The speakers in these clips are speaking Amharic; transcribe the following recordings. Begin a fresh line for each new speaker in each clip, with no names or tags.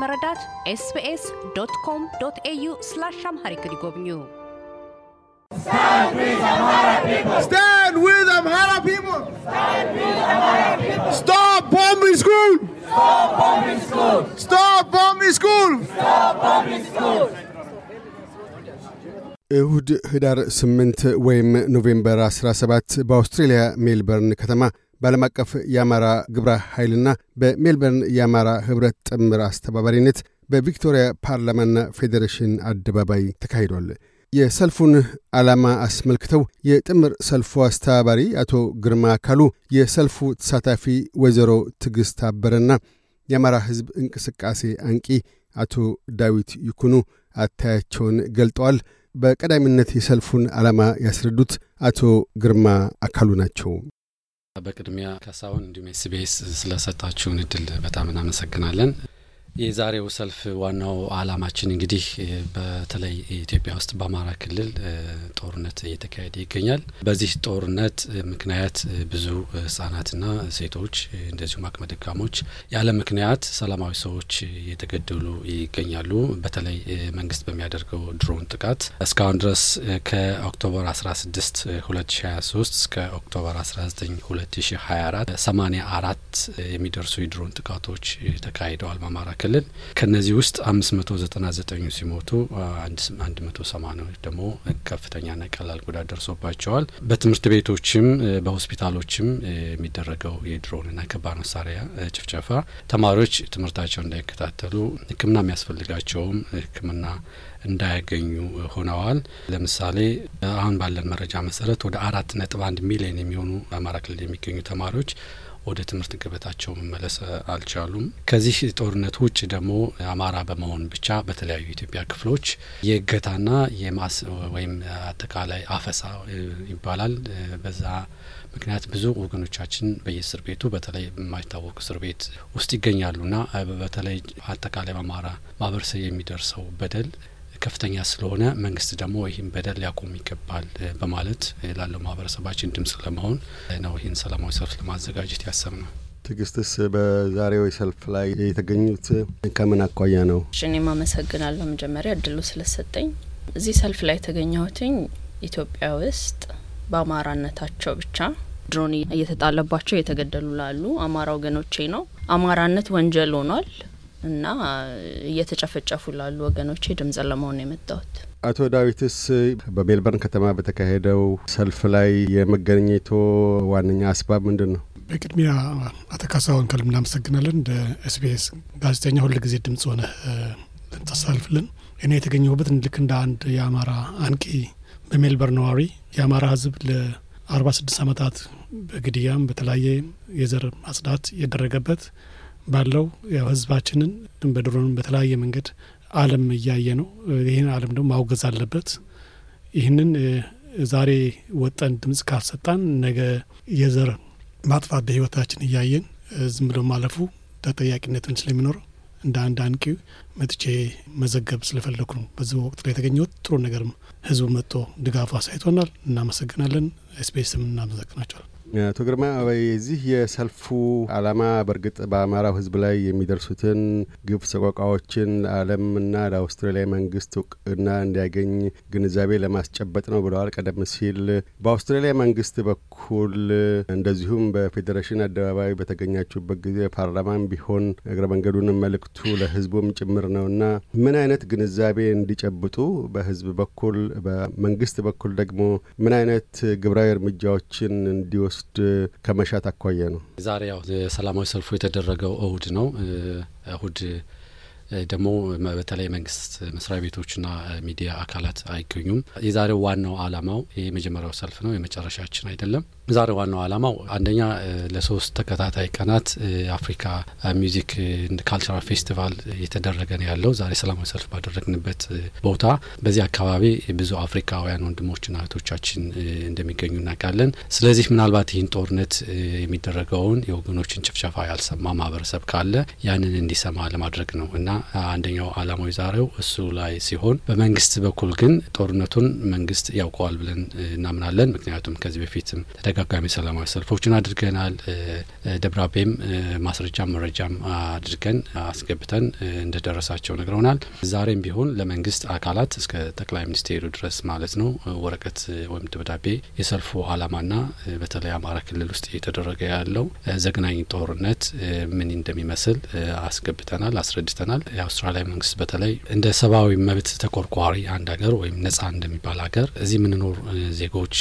ለመረዳት ኤስቢኤስ ዶት ኮም ዶት ኤዩ ስላሽ አምሃሪክ ይጎብኙ።
Stand with Amhara people! Stop bombing school! Stop bombing school! Stop bombing school! Stop bombing school! እሁድ ህዳር 8 ወይም ኖቬምበር 17 በአውስትሬልያ ሜልበርን ከተማ በዓለም አቀፍ የአማራ ግብረ ኃይልና በሜልበርን የአማራ ኅብረት ጥምር አስተባባሪነት በቪክቶሪያ ፓርላማና ፌዴሬሽን አደባባይ ተካሂዷል። የሰልፉን ዓላማ አስመልክተው የጥምር ሰልፉ አስተባባሪ አቶ ግርማ አካሉ፣ የሰልፉ ተሳታፊ ወይዘሮ ትዕግሥት አበረና የአማራ ሕዝብ እንቅስቃሴ አንቂ አቶ ዳዊት ይኩኑ አታያቸውን ገልጠዋል። በቀዳሚነት የሰልፉን ዓላማ ያስረዱት አቶ ግርማ አካሉ ናቸው።
በቅድሚያ ካሳሁን እንዲሁም ኤስቢኤስ ስለሰጣችሁን እድል በጣም እናመሰግናለን። የዛሬው ሰልፍ ዋናው አላማችን እንግዲህ በተለይ ኢትዮጵያ ውስጥ በአማራ ክልል ጦርነት እየተካሄደ ይገኛል። በዚህ ጦርነት ምክንያት ብዙ ህጻናትና ሴቶች እንደዚሁም አቅመ ደካሞች ያለ ምክንያት ሰላማዊ ሰዎች እየተገደሉ ይገኛሉ። በተለይ መንግስት በሚያደርገው ድሮን ጥቃት እስካሁን ድረስ ከኦክቶበር 16 2023 እስከ ኦክቶበር 19 2024 84 የሚደርሱ የድሮን ጥቃቶች ተካሂደዋል በአማራ ክልል ከነዚህ ውስጥ አምስት መቶ ዘጠና ዘጠኙ ሲሞቱ አንድ መቶ ሰማኒያዎች ደግሞ ከፍተኛና ቀላል ጉዳት ደርሶባቸዋል። በትምህርት ቤቶችም በሆስፒታሎችም የሚደረገው የድሮንና ከባድ መሳሪያ ጭፍጨፋ ተማሪዎች ትምህርታቸውን እንዳይከታተሉ ሕክምና የሚያስፈልጋቸውም ሕክምና እንዳያገኙ ሆነዋል። ለምሳሌ አሁን ባለን መረጃ መሰረት ወደ አራት ነጥብ አንድ ሚሊዮን የሚሆኑ አማራ ክልል የሚገኙ ተማሪዎች ወደ ትምህርት ገበታቸው መመለስ አልቻሉም። ከዚህ ጦርነት ውጭ ደግሞ አማራ በመሆን ብቻ በተለያዩ የኢትዮጵያ ክፍሎች የእገታና የማስ ወይም አጠቃላይ አፈሳ ይባላል። በዛ ምክንያት ብዙ ወገኖቻችን በየእስር ቤቱ በተለይ የማይታወቅ እስር ቤት ውስጥ ይገኛሉና በተለይ አጠቃላይ በአማራ ማህበረሰብ የሚደርሰው በደል ከፍተኛ ስለሆነ መንግስት ደግሞ ይህን በደል ሊያቆም ይገባል በማለት ላለው ማህበረሰባችን ድምጽ ለመሆን ነው ይህን ሰላማዊ ሰልፍ ለማዘጋጀት ያሰብ ነው።
ትግስትስ በዛሬው ሰልፍ ላይ የተገኙት ከምን አኳያ ነው?
እኔም አመሰግናለሁ መጀመሪያ እድሉ ስለሰጠኝ። እዚህ ሰልፍ ላይ የተገኘሁትኝ ኢትዮጵያ ውስጥ በአማራነታቸው ብቻ ድሮን እየተጣለባቸው እየተገደሉ ላሉ አማራ ወገኖቼ ነው። አማራነት ወንጀል ሆኗል። እና እየተጨፈጨፉ ላሉ ወገኖቼ ድምጽ ለመሆን የመጣሁት።
አቶ ዳዊትስ በሜልበርን ከተማ በተካሄደው ሰልፍ ላይ የመገኘቶ ዋነኛ አስባብ ምንድን ነው?
በቅድሚያ አቶ ካሳሁን ከልብ እናመሰግናለን። እንደ ኤስቢኤስ ጋዜጠኛ ሁል ጊዜ ድምጽ ሆነ ልንታሳልፍልን እኔ የተገኘሁበት ልክ እንደ አንድ የአማራ አንቂ በሜልበርን ነዋሪ የአማራ ህዝብ ለአርባ ስድስት ዓመታት በግድያም በተለያየ የዘር ማጽዳት የደረገበት ባለው ያው ህዝባችንን በድሮንም በተለያየ መንገድ ዓለም እያየ ነው። ይህን ዓለም ደግሞ ማውገዝ አለበት። ይህንን ዛሬ ወጠን ድምጽ ካልሰጣን ነገ የዘር ማጥፋት በህይወታችን እያየን ዝም ብሎ ማለፉ ተጠያቂነትን ስለሚኖረው እንደ አንድ አንቂ መጥቼ መዘገብ ስለፈለኩ ነው በዚህ ወቅት ላይ የተገኘሁት። ጥሩ ነገርም ህዝቡ መጥቶ ድጋፉ አሳይቶናል። እናመሰግናለን። ኤስፔስም እናመሰግናቸዋል።
አቶ ግርማ የዚህ የሰልፉ አላማ በእርግጥ በአማራው ህዝብ ላይ የሚደርሱትን ግፍ ሰቆቃዎችን ለዓለምና ለአውስትራሊያ መንግስት እውቅና እንዲያገኝ ግንዛቤ ለማስጨበጥ ነው ብለዋል። ቀደም ሲል በአውስትራሊያ መንግስት በኩል እንደዚሁም በፌዴሬሽን አደባባይ በተገኛችሁበት ጊዜ ፓርላማም ቢሆን እግረ መንገዱንም መልእክቱ ለህዝቡም ጭምር ና ምን አይነት ግንዛቤ እንዲጨብጡ በህዝብ በኩል በመንግስት በኩል ደግሞ ምን አይነት ግብራዊ እርምጃዎችን እንዲወስ እንዲወስድ ከመሻት አኳያ ነው።
ዛሬ ያው ሰላማዊ ሰልፉ የተደረገው እሁድ ነው። እሁድ ደግሞ በተለይ መንግስት መስሪያ ቤቶችና ሚዲያ አካላት አይገኙም። የዛሬው ዋናው አላማው የመጀመሪያው ሰልፍ ነው፣ የመጨረሻችን አይደለም። ዛሬ ዋናው ዓላማው አንደኛ ለሶስት ተከታታይ ቀናት አፍሪካ ሚዚክ ካልቸራል ፌስቲቫል እየተደረገ ነው ያለው። ዛሬ ሰላማዊ ሰልፍ ባደረግንበት ቦታ በዚህ አካባቢ ብዙ አፍሪካውያን ወንድሞችና እህቶቻችን እንደሚገኙ እናውቃለን። ስለዚህ ምናልባት ይህን ጦርነት የሚደረገውን የወገኖችን ጭፍጨፋ ያልሰማ ማህበረሰብ ካለ ያንን እንዲሰማ ለማድረግ ነው እና አንደኛው ዓላማዊ ዛሬው እሱ ላይ ሲሆን፣ በመንግስት በኩል ግን ጦርነቱን መንግስት ያውቀዋል ብለን እናምናለን። ምክንያቱም ከዚህ በፊትም ተደጋ አጋሚ ሰላማዊ ሰልፎችን አድርገናል። ደብዳቤም ማስረጃም መረጃም አድርገን አስገብተን እንደደረሳቸው ነግረውናል። ዛሬም ቢሆን ለመንግስት አካላት እስከ ጠቅላይ ሚኒስቴሩ ድረስ ማለት ነው ወረቀት ወይም ደብዳቤ የሰልፉ አላማና በተለይ አማራ ክልል ውስጥ እየተደረገ ያለው ዘግናኝ ጦርነት ምን እንደሚመስል አስገብተናል፣ አስረድተናል። የአውስትራሊያ መንግስት በተለይ እንደ ሰብአዊ መብት ተቆርቋሪ አንድ ሀገር ወይም ነጻ እንደሚባል ሀገር እዚህ የምንኖር ዜጎች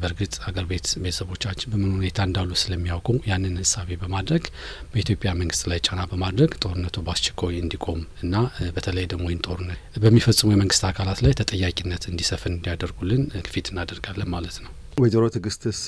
በእርግጥ አገር ቤት ቤተሰቦቻችን በምን ሁኔታ እንዳሉ ስለሚያውቁ ያንን ህሳቤ በማድረግ በኢትዮጵያ መንግስት ላይ ጫና በማድረግ ጦርነቱ በአስቸኳይ እንዲቆም እና በተለይ ደግሞ ይህን ጦርነት በሚፈጽሙ የመንግስት አካላት ላይ ተጠያቂነት እንዲሰፍን እንዲያደርጉልን ግፊት እናደርጋለን ማለት ነው።
ወይዘሮ ትግስትስ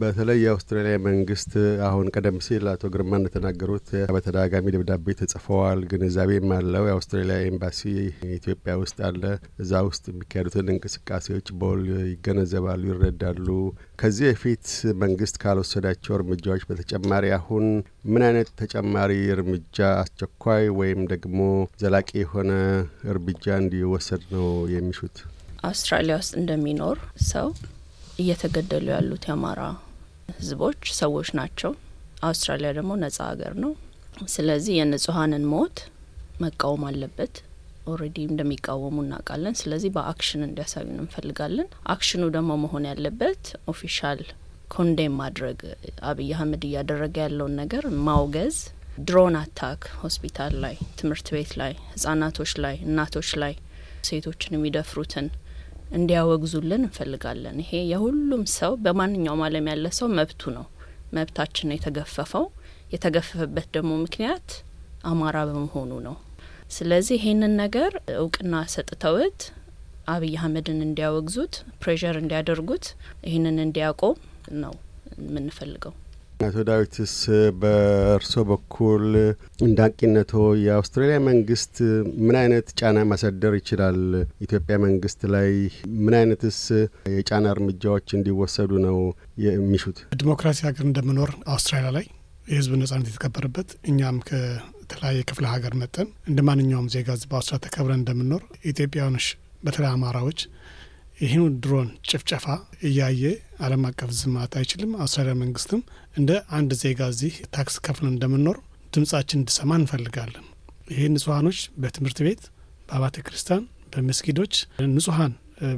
በተለይ የአውስትራሊያ መንግስት አሁን ቀደም ሲል አቶ ግርማ እንደተናገሩት በተደጋጋሚ ደብዳቤ ተጽፈዋል። ግንዛቤም አለው። የአውስትራሊያ ኤምባሲ ኢትዮጵያ ውስጥ አለ። እዛ ውስጥ የሚካሄዱትን እንቅስቃሴዎች በውል ይገነዘባሉ፣ ይረዳሉ። ከዚህ በፊት መንግስት ካልወሰዳቸው እርምጃዎች በተጨማሪ አሁን ምን አይነት ተጨማሪ እርምጃ አስቸኳይ ወይም ደግሞ ዘላቂ የሆነ እርምጃ እንዲወሰድ ነው የሚሹት?
አውስትራሊያ ውስጥ እንደሚኖር ሰው እየተገደሉ ያሉት የአማራ ህዝቦች ሰዎች ናቸው። አውስትራሊያ ደግሞ ነጻ ሀገር ነው። ስለዚህ የንጹሀንን ሞት መቃወም አለበት። ኦልሬዲ እንደሚቃወሙ እናውቃለን። ስለዚህ በአክሽን እንዲያሳዩ እንፈልጋለን። አክሽኑ ደግሞ መሆን ያለበት ኦፊሻል ኮንዴም ማድረግ አብይ አህመድ እያደረገ ያለውን ነገር ማውገዝ ድሮን አታክ ሆስፒታል ላይ፣ ትምህርት ቤት ላይ፣ ህጻናቶች ላይ፣ እናቶች ላይ ሴቶችን የሚደፍሩትን እንዲያወግዙልን እንፈልጋለን። ይሄ የሁሉም ሰው በማንኛውም ዓለም ያለ ሰው መብቱ ነው። መብታችን ነው የተገፈፈው። የተገፈፈበት ደግሞ ምክንያት አማራ በመሆኑ ነው። ስለዚህ ይሄንን ነገር እውቅና ሰጥተውት አብይ አህመድን እንዲያወግዙት፣ ፕሬዠር እንዲያደርጉት፣ ይህንን እንዲያቆም ነው የምንፈልገው።
አቶ ዳዊትስ በእርሶ በኩል እንዳቂነቶ የአውስትራሊያ መንግስት ምን አይነት ጫና ማሳደር ይችላል? ኢትዮጵያ መንግስት ላይ ምን አይነትስ የጫና እርምጃዎች እንዲወሰዱ ነው የሚሹት?
ዲሞክራሲ ሀገር እንደምኖር አውስትራሊያ ላይ የህዝብ ነጻነት የተከበረበት እኛም ከተለያየ ክፍለ ሀገር መጠን እንደ ማንኛውም ዜጋ በአውስትራሊያ ተከብረን እንደምኖር ኢትዮጵያውያኖች በተለይ አማራዎች ይህኑ ድሮን ጭፍጨፋ እያየ ዓለም አቀፍ ዝማት አይችልም። አውስትራሊያ መንግስትም እንደ አንድ ዜጋ እዚህ ታክስ ከፍለን እንደምንኖር ድምጻችን እንድሰማ እንፈልጋለን። ይህ ንጹሀኖች በትምህርት ቤት፣ በአባተ ክርስቲያን፣ በመስጊዶች ንጹሀን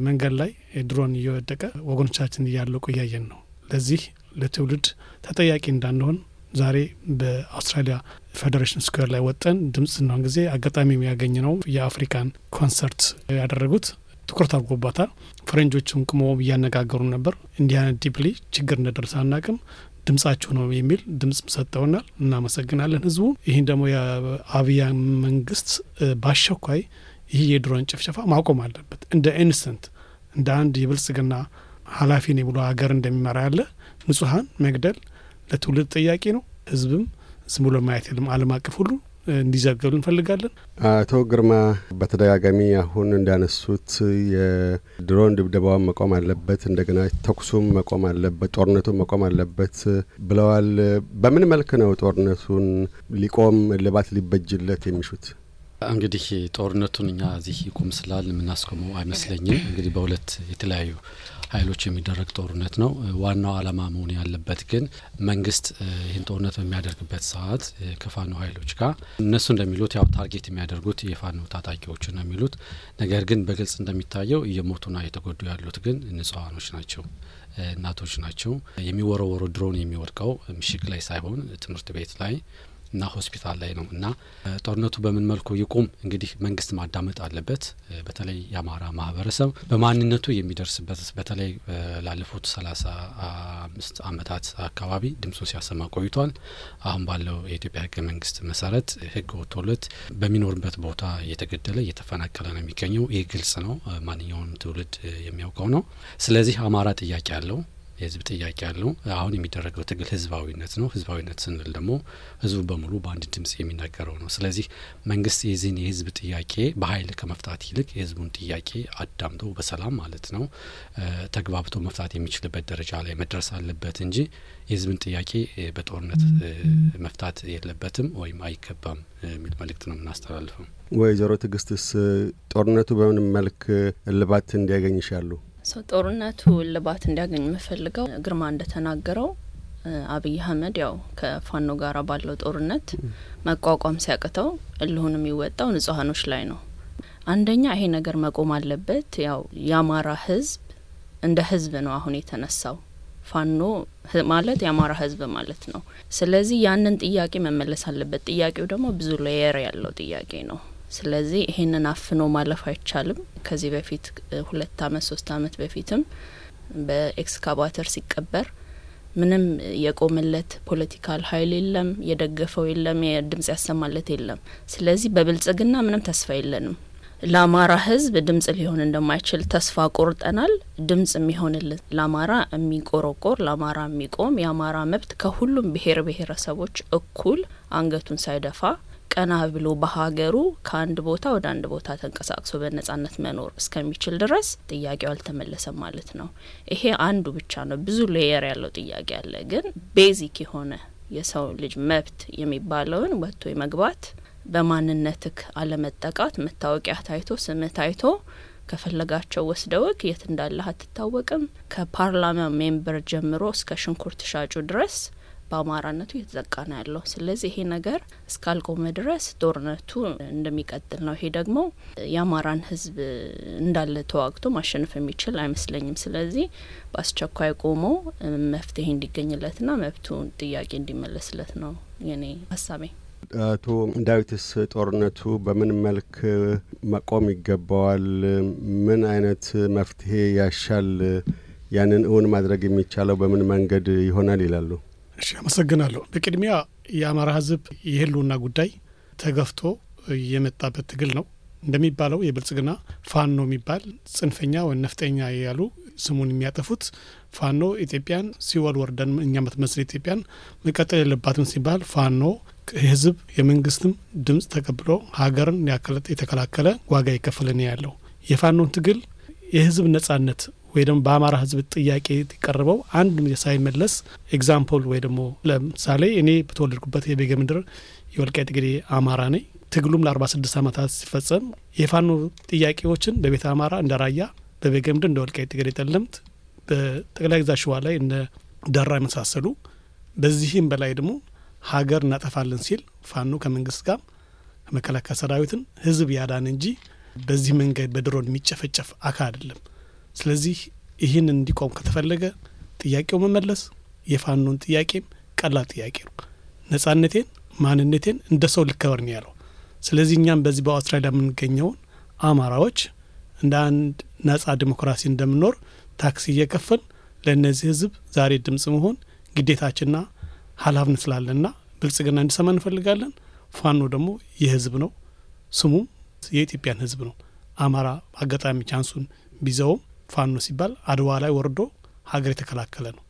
መንገድ ላይ ድሮን እየወደቀ ወገኖቻችን እያለቁ እያየን ነው። ለዚህ ለትውልድ ተጠያቂ እንዳንሆን ዛሬ በአውስትራሊያ ፌዴሬሽን ስኩዌር ላይ ወጠን ድምፅ እንሆን ጊዜ አጋጣሚ ያገኝ ነው የአፍሪካን ኮንሰርት ያደረጉት ትኩረት አድርጎባታል። ፈረንጆችም ቅሞ እያነጋገሩ ነበር። እንዲህ ዲፕሊ ችግር እንደደረሰ አናቅም ድምጻችሁ ነው የሚል ድምጽ ሰጠውናል። እናመሰግናለን ህዝቡ። ይህን ደግሞ የአብያ መንግስት በአስቸኳይ ይህ የድሮን ጭፍጨፋ ማቆም አለበት። እንደ ኢንስተንት እንደ አንድ የብልጽግና ኃላፊ ነው ብሎ ሀገር እንደሚመራ ያለ ንጹሀን መግደል ለትውልድ ጥያቄ ነው። ህዝብም ዝም ብሎ ማየት የለም። ዓለም አቀፍ ሁሉ እንዲዘገብ እንፈልጋለን።
አቶ ግርማ በተደጋጋሚ አሁን እንዳነሱት የድሮን ድብደባውን መቆም አለበት፣ እንደገና ተኩሱም መቆም አለበት፣ ጦርነቱ መቆም አለበት ብለዋል። በምን መልክ ነው ጦርነቱን ሊቆም እልባት ሊበጅለት የሚሹት?
እንግዲህ ጦርነቱን እኛ እዚህ ይቁም ስላል የምናስቆመው አይመስለኝም። እንግዲህ በሁለት የተለያዩ ኃይሎች የሚደረግ ጦርነት ነው። ዋናው ዓላማ መሆን ያለበት ግን መንግስት ይህን ጦርነት በሚያደርግበት ሰዓት ከፋኖ ኃይሎች ጋር እነሱ እንደሚሉት ያው ታርጌት የሚያደርጉት የፋኖ ታጣቂዎችን ነው የሚሉት። ነገር ግን በግልጽ እንደሚታየው እየሞቱና እየተጎዱ ያሉት ግን ንጹሃኖች ናቸው፣ እናቶች ናቸው። የሚወረወሩ ድሮን የሚወድቀው ምሽግ ላይ ሳይሆን ትምህርት ቤት ላይ እና ሆስፒታል ላይ ነው እና ጦርነቱ በምን መልኩ ይቁም? እንግዲህ መንግስት ማዳመጥ አለበት። በተለይ የአማራ ማህበረሰብ በማንነቱ የሚደርስበት በተለይ ላለፉት ሰላሳ አምስት አመታት አካባቢ ድምፁ ሲያሰማ ቆይቷል። አሁን ባለው የኢትዮጵያ ህገ መንግስት መሰረት ህግ ወጥቶለት በሚኖርበት ቦታ እየተገደለ እየተፈናቀለ ነው የሚገኘው። ይህ ግልጽ ነው፣ ማንኛውም ትውልድ የሚያውቀው ነው። ስለዚህ አማራ ጥያቄ አለው። የህዝብ ጥያቄ ያለው አሁን የሚደረገው ትግል ህዝባዊነት ነው። ህዝባዊነት ስንል ደግሞ ህዝቡ በሙሉ በአንድ ድምጽ የሚናገረው ነው። ስለዚህ መንግስት የዚህን የህዝብ ጥያቄ በኃይል ከመፍታት ይልቅ የህዝቡን ጥያቄ አዳምጦ በሰላም ማለት ነው ተግባብቶ መፍታት የሚችልበት ደረጃ ላይ መድረስ አለበት እንጂ የህዝብን ጥያቄ በጦርነት መፍታት የለበትም ወይም አይገባም የሚል መልእክት ነው የምናስተላልፈው።
ወይዘሮ ትግስትስ ጦርነቱ በምን መልክ እልባት እንዲያገኝ ይሻሉ?
ሰው ጦርነቱ እልባት እንዲያገኝ የምፈልገው ግርማ እንደተናገረው አብይ አህመድ ያው ከፋኖ ጋር ባለው ጦርነት መቋቋም ሲያቅተው እልሁን የሚወጣው ንጹሀኖች ላይ ነው። አንደኛ ይሄ ነገር መቆም አለበት። ያው የአማራ ህዝብ እንደ ህዝብ ነው አሁን የተነሳው። ፋኖ ማለት የአማራ ህዝብ ማለት ነው። ስለዚህ ያንን ጥያቄ መመለስ አለበት። ጥያቄው ደግሞ ብዙ ሌየር ያለው ጥያቄ ነው። ስለዚህ ይሄንን አፍኖ ማለፍ አይቻልም። ከዚህ በፊት ሁለት አመት ሶስት አመት በፊትም በኤክስካቫተር ሲቀበር ምንም የቆመለት ፖለቲካል ሀይል የለም፣ የደገፈው የለም፣ የድምጽ ያሰማለት የለም። ስለዚህ በብልጽግና ምንም ተስፋ የለንም። ለአማራ ህዝብ ድምጽ ሊሆን እንደማይችል ተስፋ ቆርጠናል። ድምጽ የሚሆንልን ለአማራ የሚቆረቆር ለአማራ የሚቆም የአማራ መብት ከሁሉም ብሄር ብሄረሰቦች እኩል አንገቱን ሳይደፋ ቀና ብሎ በሀገሩ ከአንድ ቦታ ወደ አንድ ቦታ ተንቀሳቅሶ በነጻነት መኖር እስከሚችል ድረስ ጥያቄው አልተመለሰም ማለት ነው። ይሄ አንዱ ብቻ ነው። ብዙ ሌየር ያለው ጥያቄ አለ። ግን ቤዚክ የሆነ የሰው ልጅ መብት የሚባለውን ወጥቶ የመግባት በማንነትክ አለመጠቃት፣ መታወቂያ ታይቶ ስም ታይቶ ከፈለጋቸው ወስደውክ የት እንዳለህ አትታወቅም። ከፓርላማ ሜምበር ጀምሮ እስከ ሽንኩርት ሻጩ ድረስ በአማራነቱ እየተጠቃ ነው ያለው። ስለዚህ ይሄ ነገር እስካልቆመ ድረስ ጦርነቱ እንደሚቀጥል ነው። ይሄ ደግሞ የአማራን ህዝብ እንዳለ ተዋግቶ ማሸነፍ የሚችል አይመስለኝም። ስለዚህ በአስቸኳይ ቆሞ መፍትሄ እንዲገኝለትና መብቱን ጥያቄ እንዲመለስለት ነው የኔ ሀሳቤ።
አቶ ዳዊትስ ጦርነቱ በምን መልክ መቆም ይገባዋል? ምን አይነት መፍትሄ ያሻል? ያንን እውን ማድረግ የሚቻለው በምን መንገድ ይሆናል ይላሉ?
አመሰግናለሁ። በቅድሚያ የአማራ ህዝብ የህልውና ጉዳይ ተገፍቶ የመጣበት ትግል ነው። እንደሚባለው የብልጽግና ፋኖ የሚባል ጽንፈኛ ወይም ነፍጠኛ ያሉ ስሙን የሚያጠፉት ፋኖ ኢትዮጵያን ሲወል ወርደን እኛ ምትመስል ኢትዮጵያን መቀጠል የለባትም ሲባል ፋኖ የህዝብ የመንግስትም ድምፅ ተቀብሎ ሀገርን የተከላከለ ዋጋ ይከፍልን ያለው። የፋኖን ትግል የህዝብ ነጻነት ወይ ደግሞ በአማራ ህዝብ ጥያቄ የቀረበው አንድ ሳይመለስ ኤግዛምፕል ወይ ደግሞ ለምሳሌ እኔ በተወለድኩበት የቤገ ምድር የወልቃይት ጠገዴ አማራ ነኝ። ትግሉም ለ46 ዓመታት ሲፈጸም የፋኖ ጥያቄዎችን በቤተ አማራ እንደ ራያ፣ በቤገ ምድር እንደ ወልቃይት ጠገዴ ጠለምት፣ በጠቅላይ ግዛት ሸዋ ላይ እነ ደራ የመሳሰሉ በዚህም በላይ ደግሞ ሀገር እናጠፋለን ሲል ፋኖ ከመንግስት ጋር መከላከያ ሰራዊትን ህዝብ ያዳን እንጂ በዚህ መንገድ በድሮን የሚጨፈጨፍ አካል አይደለም። ስለዚህ ይህን እንዲቆም ከተፈለገ ጥያቄው መመለስ የፋኖን ጥያቄም ቀላል ጥያቄ ነው። ነጻነቴን ማንነቴን እንደ ሰው ልከበር ነው ያለው። ስለዚህ እኛም በዚህ በአውስትራሊያ የምንገኘውን አማራዎች እንደ አንድ ነጻ ዲሞክራሲ እንደምኖር ታክስ እየከፈል ለእነዚህ ህዝብ ዛሬ ድምጽ መሆን ግዴታችንና ኃላፊነት ስላለንና ብልጽግና እንዲሰማ እንፈልጋለን። ፋኖ ደግሞ የህዝብ ነው፣ ስሙም የኢትዮጵያን ህዝብ ነው። አማራ አጋጣሚ ቻንሱን ቢዘውም ፋኖ ሲባል አድዋ ላይ ወርዶ ሀገር የተከላከለ ነው።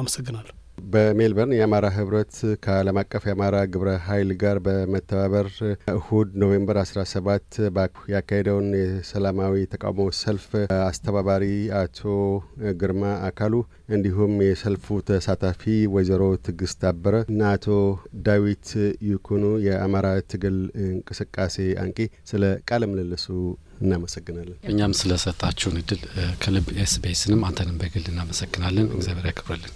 አመሰግናለሁ።
በሜልበርን የአማራ ህብረት ከዓለም አቀፍ የአማራ ግብረ ኃይል ጋር በመተባበር እሁድ ኖቬምበር 17 ያካሄደውን የሰላማዊ ተቃውሞ ሰልፍ አስተባባሪ አቶ ግርማ አካሉ እንዲሁም የሰልፉ ተሳታፊ ወይዘሮ ትዕግስት አበረ እና አቶ ዳዊት ይኩኑ የአማራ ትግል እንቅስቃሴ አንቂ ስለ ቃለ ምልልሱ እናመሰግናለን።
እኛም ስለሰጣችሁን እድል ከልብ ኤስቢኤስንም አንተንም በግል እናመሰግናለን። እግዚአብሔር ያክብረልን።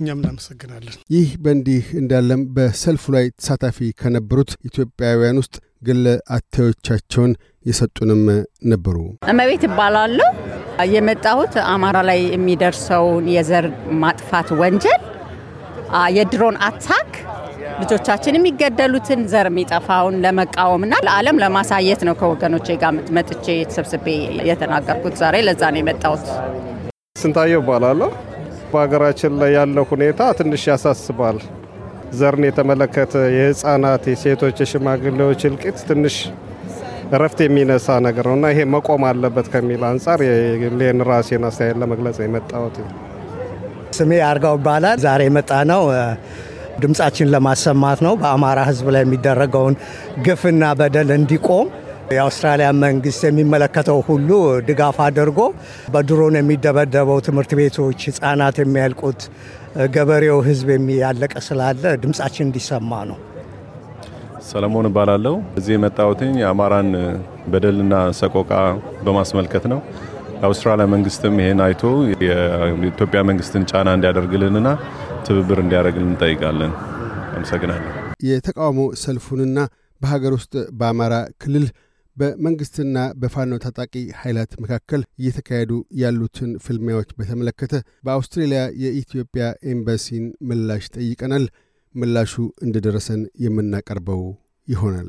እኛም እናመሰግናለን።
ይህ በእንዲህ እንዳለም በሰልፉ ላይ ተሳታፊ ከነበሩት ኢትዮጵያውያን ውስጥ ግለ አታዮቻቸውን የሰጡንም ነበሩ።
እመቤት እባላለሁ። የመጣሁት አማራ ላይ የሚደርሰውን የዘር ማጥፋት ወንጀል የድሮን አታክ ልጆቻችን የሚገደሉትን ዘር የሚጠፋውን ና ለዓለም ለማሳየት ነው ከወገኖቼ ጋር መጥቼ የተሰብስቤ የተናገርኩት። ዛሬ ለዛ ነው የመጣሁት።
ስንታየው እባላለሁ። በሀገራችን ላይ ያለው ሁኔታ ትንሽ ያሳስባል። ዘርን የተመለከተ የህፃናት፣ የሴቶች፣ የሽማግሌዎች እልቂት ትንሽ እረፍት የሚነሳ ነገር ነው እና ይሄ መቆም አለበት ከሚል አንጻር ሌን ራሴን አስተያየት ለመግለጽ የመጣሁት።
ስሜ አርጋው ይባላል። ዛሬ የመጣ ነው ድምፃችን ለማሰማት ነው። በአማራ ህዝብ ላይ የሚደረገውን ግፍና በደል እንዲቆም የአውስትራሊያ መንግስት የሚመለከተው ሁሉ ድጋፍ አድርጎ በድሮን የሚደበደበው ትምህርት ቤቶች፣ ህጻናት የሚያልቁት፣ ገበሬው ህዝብ ያለቀ ስላለ ድምጻችን እንዲሰማ ነው።
ሰለሞን እባላለሁ። እዚህ የመጣሁትኝ የአማራን በደልና ሰቆቃ በማስመልከት ነው። የአውስትራሊያ መንግስትም ይሄን አይቶ የኢትዮጵያ መንግስትን ጫና እንዲያደርግልንና ትብብር እንዲያደርግልን እንጠይቃለን። አመሰግናለሁ።
የተቃውሞ ሰልፉንና በሀገር ውስጥ በአማራ ክልል በመንግሥትና በፋኖ ታጣቂ ኃይላት መካከል እየተካሄዱ ያሉትን ፍልሚያዎች በተመለከተ በአውስትሬልያ የኢትዮጵያ ኤምባሲን ምላሽ ጠይቀናል። ምላሹ እንደደረሰን የምናቀርበው ይሆናል።